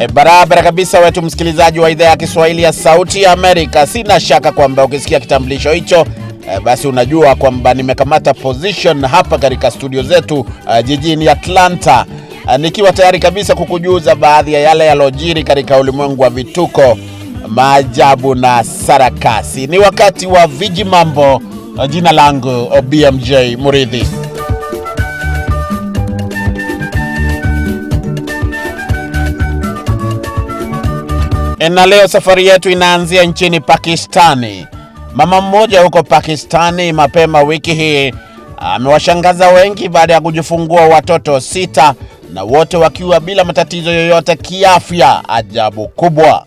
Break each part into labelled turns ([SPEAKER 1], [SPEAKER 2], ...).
[SPEAKER 1] E, barabara kabisa wetu msikilizaji wa idhaa ya Kiswahili ya Sauti ya Amerika. Sina shaka kwamba ukisikia kitambulisho hicho e, basi unajua kwamba nimekamata position hapa katika studio zetu a, eh, jijini Atlanta a, nikiwa tayari kabisa kukujuza baadhi ya yale yalojiri katika ulimwengu wa vituko, maajabu na sarakasi. Ni wakati wa viji mambo. Jina langu BMJ Muridhi. Eh, na leo safari yetu inaanzia nchini Pakistani. Mama mmoja huko Pakistani mapema wiki hii amewashangaza wengi baada ya kujifungua watoto sita na wote wakiwa bila matatizo yoyote kiafya. Ajabu kubwa.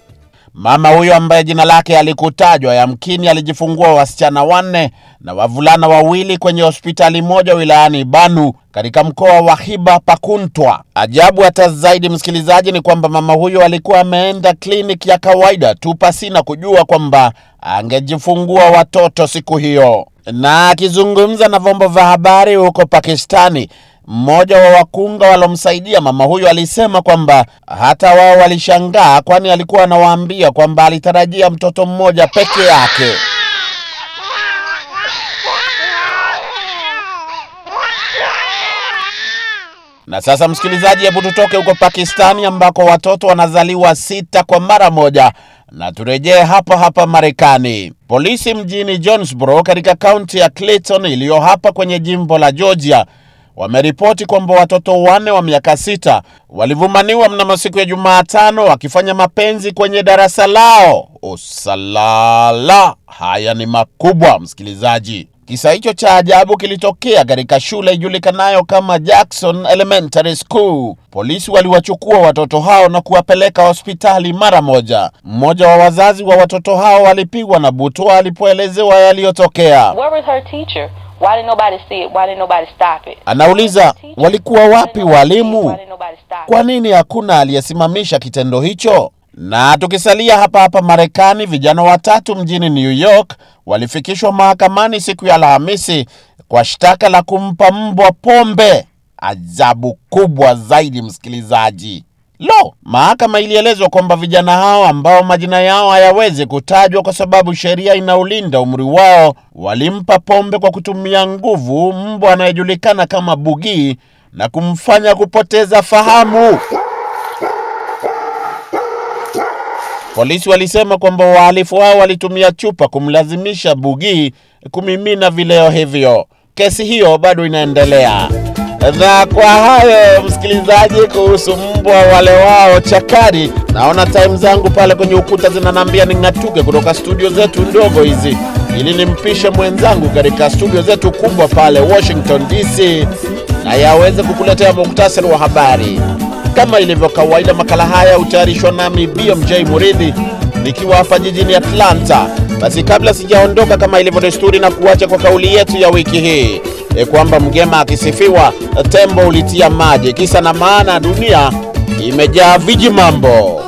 [SPEAKER 1] Mama huyo ambaye jina lake alikutajwa yamkini alijifungua wasichana wanne na wavulana wawili kwenye hospitali moja wilayani Banu katika mkoa wa Hiba Pakuntwa. Ajabu hata zaidi, msikilizaji, ni kwamba mama huyo alikuwa ameenda kliniki ya kawaida tu pasina kujua kwamba angejifungua watoto siku hiyo. Na akizungumza na vyombo vya habari huko Pakistani, mmoja wa wakunga walomsaidia mama huyo alisema kwamba hata wao walishangaa, kwani alikuwa anawaambia kwamba alitarajia mtoto mmoja peke yake. Na sasa msikilizaji, hebu tutoke huko Pakistani ambako watoto wanazaliwa sita kwa mara moja na turejee hapa hapa Marekani. Polisi mjini Jonesboro katika kaunti ya Clayton iliyo hapa kwenye jimbo la Georgia wameripoti kwamba watoto wanne wa miaka sita walivumaniwa mnamo siku ya Jumatano wakifanya mapenzi kwenye darasa lao. Usalala! Haya ni makubwa, msikilizaji. Kisa hicho cha ajabu kilitokea katika shule ijulikanayo kama Jackson Elementary School. Polisi waliwachukua watoto hao na kuwapeleka hospitali mara moja. Mmoja wa wazazi wa watoto hao walipigwa na butwa alipoelezewa yaliyotokea. Where was her teacher? Why didn't nobody see it? Why didn't nobody stop it? Anauliza walikuwa wapi walimu? Kwa nini hakuna aliyesimamisha kitendo hicho? Na tukisalia hapa hapa Marekani, vijana watatu mjini New York walifikishwa mahakamani siku ya Alhamisi kwa shtaka la kumpa mbwa pombe. Ajabu kubwa zaidi, msikilizaji. Lo, mahakama ilielezwa kwamba vijana hao ambao majina yao hayawezi kutajwa kwa sababu sheria inaulinda umri wao, walimpa pombe kwa kutumia nguvu mbwa anayejulikana kama bugi na kumfanya kupoteza fahamu. Polisi walisema kwamba wahalifu hao walitumia chupa kumlazimisha bugi kumimina vileo hivyo. Kesi hiyo bado inaendelea. Na kwa hayo msikilizaji, kuhusu mbwa wale wao chakari, naona time zangu pale kwenye ukuta zinanambia ning'atuke kutoka studio zetu ndogo hizi ili nimpishe mwenzangu katika studio zetu kubwa pale Washington DC na yaweze kukuletea muktasari wa habari. Kama ilivyo kawaida, makala haya hutayarishwa nami BMJ Muridhi nikiwa hapa jijini Atlanta. Basi kabla sijaondoka, kama ilivyo desturi, na kuacha kwa kauli yetu ya wiki hii e, kwamba mgema akisifiwa tembo ulitia maji. Kisa na maana, dunia imejaa viji mambo